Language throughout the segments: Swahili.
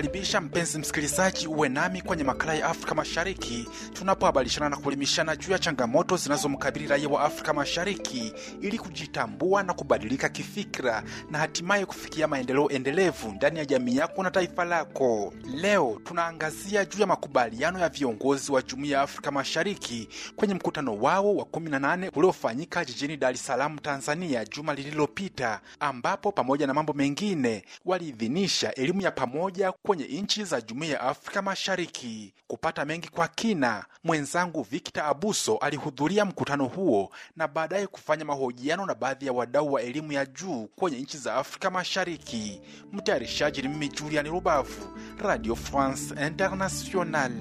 kukaribisha mpenzi msikilizaji, uwe nami kwenye makala ya Afrika Mashariki tunapohabarishana na kuelimishana juu ya changamoto zinazomkabili raia wa Afrika Mashariki ili kujitambua na kubadilika kifikra na hatimaye kufikia maendeleo endelevu ndani ya jamii yako na taifa lako. Leo tunaangazia juu ya makubaliano ya viongozi wa Jumuiya ya Afrika Mashariki kwenye mkutano wao wa 18 uliofanyika jijini Dar es Salaam, Tanzania, juma lililopita, ambapo pamoja na mambo mengine waliidhinisha elimu ya pamoja kwenye nchi za Jumuiya ya Afrika Mashariki. Kupata mengi kwa kina, mwenzangu Victor Abuso alihudhuria mkutano huo na baadaye kufanya mahojiano na baadhi ya wadau wa elimu ya juu kwenye nchi za Afrika Mashariki. Mtayarishaji ni mimi Julian Rubavu, Radio France Internationale.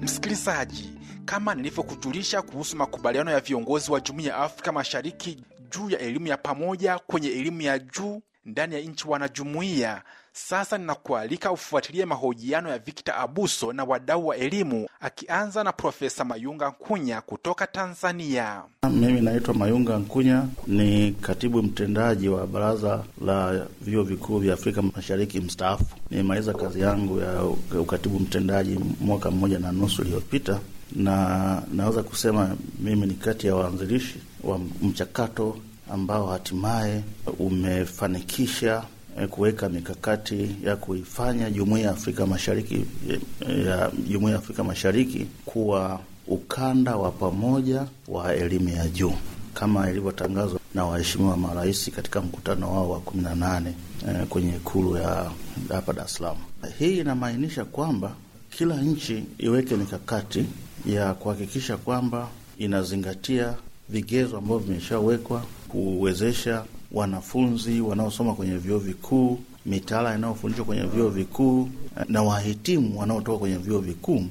Msikilizaji, kama nilivyokujulisha kuhusu makubaliano ya viongozi wa Jumuiya ya Afrika Mashariki juu ya elimu ya pamoja kwenye elimu ya juu ndani ya nchi wanajumuiya. Sasa ninakualika ufuatilie mahojiano ya Victor Abuso na wadau wa elimu, akianza na Profesa Mayunga Nkunya kutoka Tanzania. Mimi naitwa Mayunga Nkunya, ni katibu mtendaji wa Baraza la Vyuo Vikuu vya Afrika Mashariki mstaafu. Nimemaliza kazi yangu ya ukatibu mtendaji mwaka mmoja na nusu iliyopita, na naweza kusema mimi ni kati ya waanzilishi wa mchakato ambao hatimaye umefanikisha eh, kuweka mikakati ya kuifanya jumuiya ya Afrika Mashariki eh, ya jumuiya ya Afrika Mashariki kuwa ukanda wa pamoja wa elimu ya juu kama ilivyotangazwa na waheshimiwa marais katika mkutano wao wa kumi na nane eh, kwenye ikulu ya hapa Dar es Salaam. Hii inamaanisha kwamba kila nchi iweke mikakati ya kuhakikisha kwamba inazingatia vigezo ambavyo vimeshawekwa kuwezesha wanafunzi wanaosoma kwenye vyuo vikuu, mitaala inayofundishwa kwenye vyuo vikuu na wahitimu wanaotoka kwenye vyuo vikuu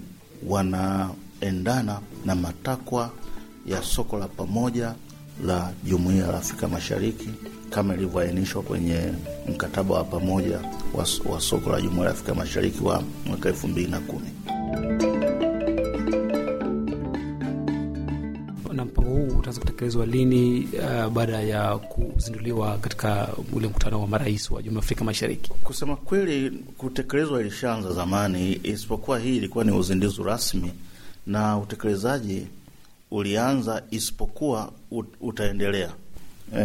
wanaendana na matakwa ya soko la pamoja la Jumuiya ya Afrika Mashariki kama ilivyoainishwa kwenye mkataba wa pamoja wa soko la Jumuiya ya Afrika Mashariki wa mwaka elfu mbili na kumi. utaanza kutekelezwa lini, uh, baada ya kuzinduliwa katika ule mkutano wa marais wa Jumuiya Afrika Mashariki? Kusema kweli, kutekelezwa ilishaanza zamani, isipokuwa hii ilikuwa ni uzinduzi rasmi na utekelezaji ulianza, isipokuwa utaendelea E,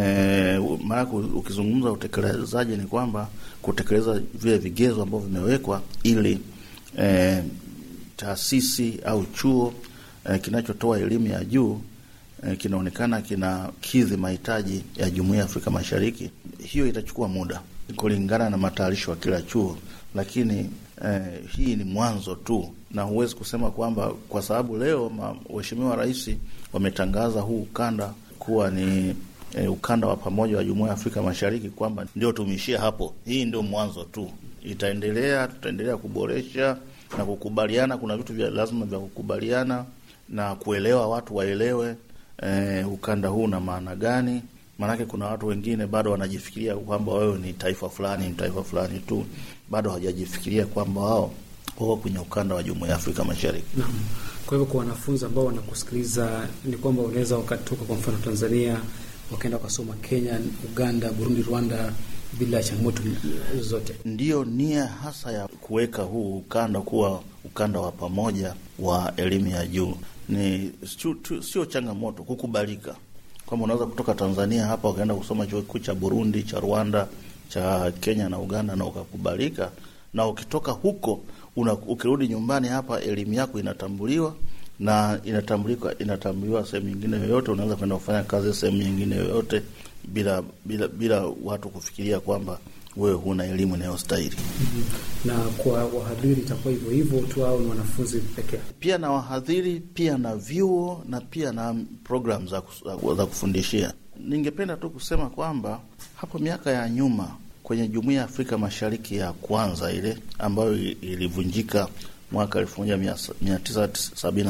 maanake ukizungumza utekelezaji ni kwamba kutekeleza vile vigezo ambavyo vimewekwa ili e, taasisi au chuo e, kinachotoa elimu ya juu Eh, kinaonekana kinakidhi mahitaji ya jumuiya ya Afrika Mashariki, hiyo itachukua muda kulingana na matayarisho ya kila chuo, lakini eh, hii ni mwanzo tu, na huwezi kusema kwamba kwa sababu leo waheshimiwa rais wametangaza huu ukanda kuwa ni eh, ukanda wa pamoja wa jumuiya ya Afrika Mashariki kwamba ndio tumishie hapo. Hii ndio mwanzo tu, itaendelea, tutaendelea kuboresha na kukubaliana. Kuna vitu vya lazima vya kukubaliana na kuelewa, watu waelewe eh, ukanda huu na maana gani? Maanake kuna watu wengine bado wanajifikiria kwamba wewe ni taifa fulani, ni taifa fulani tu, bado hawajajifikiria kwamba wao wako kwenye ukanda wa jumuiya ya Afrika Mashariki. Mm-hmm. Kwa hivyo kwa wanafunzi ambao wanakusikiliza ni kwamba unaweza wakatoka kwa mfano Tanzania wakaenda wakasoma Kenya, Uganda, Burundi, Rwanda bila changamoto zote. Ndiyo nia hasa ya kuweka huu ukanda kuwa ukanda wa pamoja wa elimu ya juu ni sio changamoto, kukubalika kwamba unaweza kutoka Tanzania hapa ukaenda kusoma chuo kikuu cha Burundi, cha Rwanda, cha Kenya na Uganda na ukakubalika, na ukitoka huko una, ukirudi nyumbani hapa elimu yako inatambuliwa na inatambulika inatambuliwa sehemu nyingine yoyote, unaweza kwenda kufanya kazi sehemu nyingine yoyote bila, bila, bila watu kufikiria kwamba wewe huna elimu inayostahili. mm -hmm. Na kwa wahadhiri itakuwa hivyo hivyo tu au ni wanafunzi pekee? Pia na wahadhiri pia na vyuo na pia na programu za, za kufundishia. Ningependa tu kusema kwamba hapo miaka ya nyuma kwenye Jumuiya ya Afrika Mashariki ya kwanza ile ambayo ilivunjika mwaka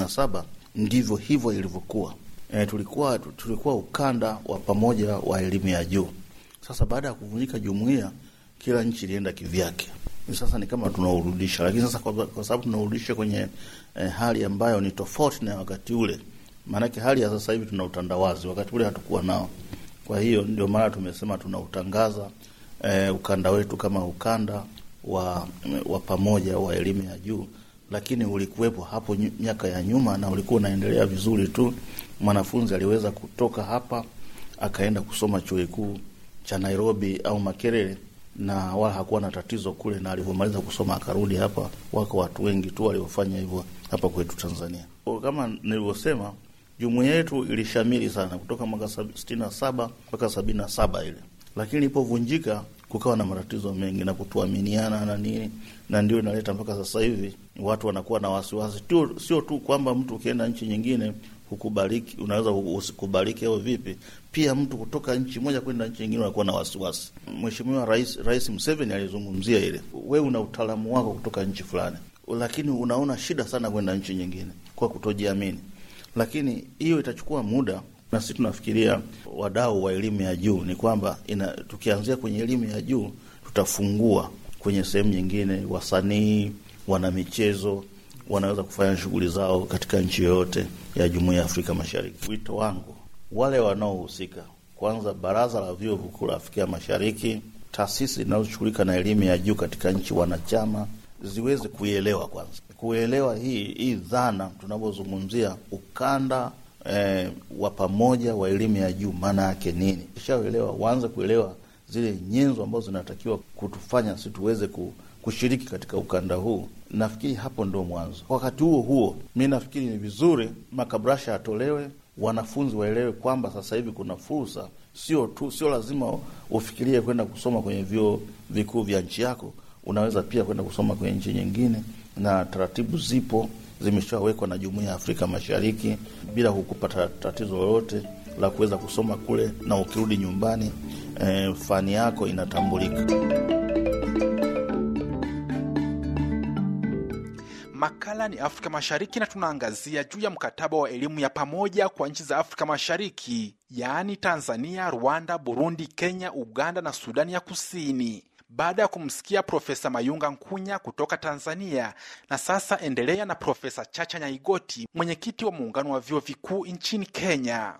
saba ndivyo hivyo ilivyokuwa. E, tulikuwa tulikuwa ukanda wa pamoja wa elimu ya juu. Sasa baada ya kuvunjika jumuiya kila nchi ilienda kivyake. Sasa ni kama tunaurudisha, lakini sasa kwa, kwa sababu tunaurudisha kwenye eh, hali ambayo ni tofauti na wakati ule, maanake hali ya sasa hivi tuna utandawazi, wakati ule hatukuwa nao. Kwa hiyo ndio maana tumesema tunautangaza eh, ukanda wetu kama ukanda wa, wa pamoja wa elimu ya juu, lakini ulikuwepo hapo miaka ya nyuma na ulikuwa unaendelea vizuri tu. Mwanafunzi aliweza kutoka hapa akaenda kusoma chuo kikuu cha Nairobi au Makerere na wala hakuwa na tatizo kule, na alivyomaliza kusoma akarudi hapa. Wako watu wengi tu waliofanya hivyo hapa kwetu Tanzania. Kwa kama nilivyosema, jumuiya yetu ilishamiri sana kutoka mwaka sitini na saba mpaka sabini na saba ile, lakini ilipovunjika kukawa na matatizo mengi na kutuaminiana na nini, na ndio inaleta mpaka sasa hivi watu wanakuwa na wasiwasi, sio tu kwamba mtu ukienda nchi nyingine hukubariki, unaweza usikubariki au vipi. Pia mtu kutoka nchi moja kwenda nchi nyingine unakuwa na wasiwasi. Mheshimiwa Rais, Rais Museveni alizungumzia ile, we una utaalamu wako kutoka nchi fulani, lakini unaona shida sana kwenda nchi nyingine kwa kutojiamini, lakini hiyo itachukua muda na sisi tunafikiria wadau wa elimu ya juu ni kwamba ina, tukianzia kwenye elimu ya juu tutafungua kwenye sehemu nyingine, wasanii, wanamichezo wanaweza kufanya shughuli zao katika nchi yoyote ya Jumuiya ya Afrika Mashariki. Wito wangu wale wanaohusika, kwanza Baraza la Vyuo Vikuu la Afrika Mashariki, taasisi zinazoshughulika na elimu ya juu katika nchi wanachama ziweze kuielewa kwanza, kuelewa hii hii dhana tunavyozungumzia ukanda e, wa pamoja wa elimu ya juu maana yake nini. Kishaelewa waanze kuelewa zile nyenzo ambazo zinatakiwa kutufanya si tuweze ku kushiriki katika ukanda huu. Nafikiri hapo ndo mwanzo. Wakati huo huo, mi nafikiri ni vizuri makabrasha yatolewe, wanafunzi waelewe kwamba sasa hivi kuna fursa, sio tu, sio lazima ufikirie kwenda kusoma kwenye vyuo vikuu vya nchi yako. Unaweza pia kwenda kusoma kwenye nchi nyingine, na taratibu zipo zimeshawekwa na Jumuiya ya Afrika Mashariki bila kukupa tatizo lolote la kuweza kusoma kule, na ukirudi nyumbani e, fani yako inatambulika. Makala ni Afrika Mashariki na tunaangazia juu ya mkataba wa elimu ya pamoja kwa nchi za Afrika Mashariki, yaani Tanzania, Rwanda, Burundi, Kenya, Uganda na Sudani ya Kusini. Baada ya kumsikia Profesa Mayunga Nkunya kutoka Tanzania, na sasa endelea na Profesa Chacha Nyaigoti, mwenyekiti wa muungano wa vyuo vikuu nchini Kenya.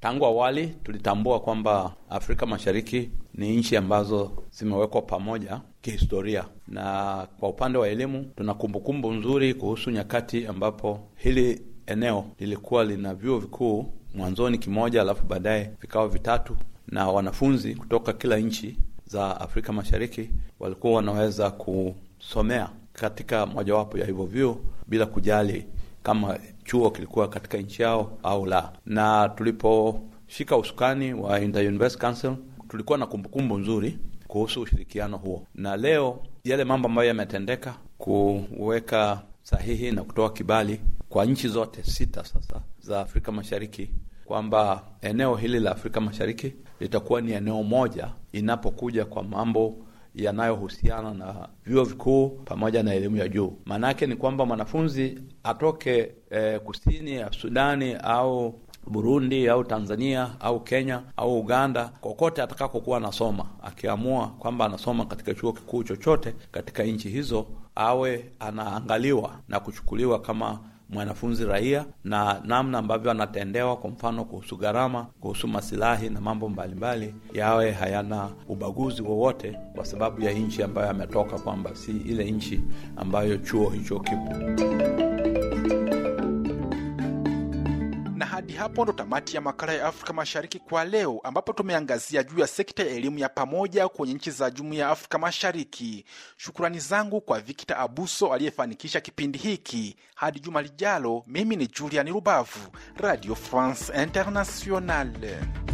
Tangu awali tulitambua kwamba Afrika Mashariki ni nchi ambazo zimewekwa pamoja kihistoria. Na kwa upande wa elimu, tuna kumbukumbu nzuri kuhusu nyakati ambapo hili eneo lilikuwa lina vyuo vikuu, mwanzoni kimoja, alafu baadaye vikao vitatu, na wanafunzi kutoka kila nchi za Afrika Mashariki walikuwa wanaweza kusomea katika mojawapo ya hivyo vyuo bila kujali kama chuo kilikuwa katika nchi yao au la. Na tuliposhika usukani wa Inter University Council tulikuwa na kumbukumbu nzuri kuhusu ushirikiano huo, na leo yale mambo ambayo yametendeka kuweka sahihi na kutoa kibali kwa nchi zote sita sasa za Afrika Mashariki kwamba eneo hili la Afrika Mashariki litakuwa ni eneo moja inapokuja kwa mambo yanayohusiana na vyuo vikuu pamoja na elimu ya juu. maanaake ni kwamba mwanafunzi atoke eh, kusini ya Sudani au Burundi au Tanzania au Kenya au Uganda, kokote atakakokuwa anasoma, akiamua kwamba anasoma katika chuo kikuu chochote katika nchi hizo, awe anaangaliwa na kuchukuliwa kama mwanafunzi raia na namna ambavyo anatendewa, kwa mfano kuhusu gharama, kuhusu masilahi na mambo mbalimbali, yawe hayana ubaguzi wowote kwa sababu ya nchi ambayo ametoka, kwamba si ile nchi ambayo chuo hicho kipo. hadi hapo ndo tamati ya makala ya Afrika Mashariki kwa leo, ambapo tumeangazia juu ya sekta ya elimu ya pamoja kwenye nchi za Jumuiya ya Afrika Mashariki. shukurani zangu kwa Vikta Abuso aliyefanikisha kipindi hiki. Hadi juma lijalo, mimi ni julian Rubavu, Radio France Internationale.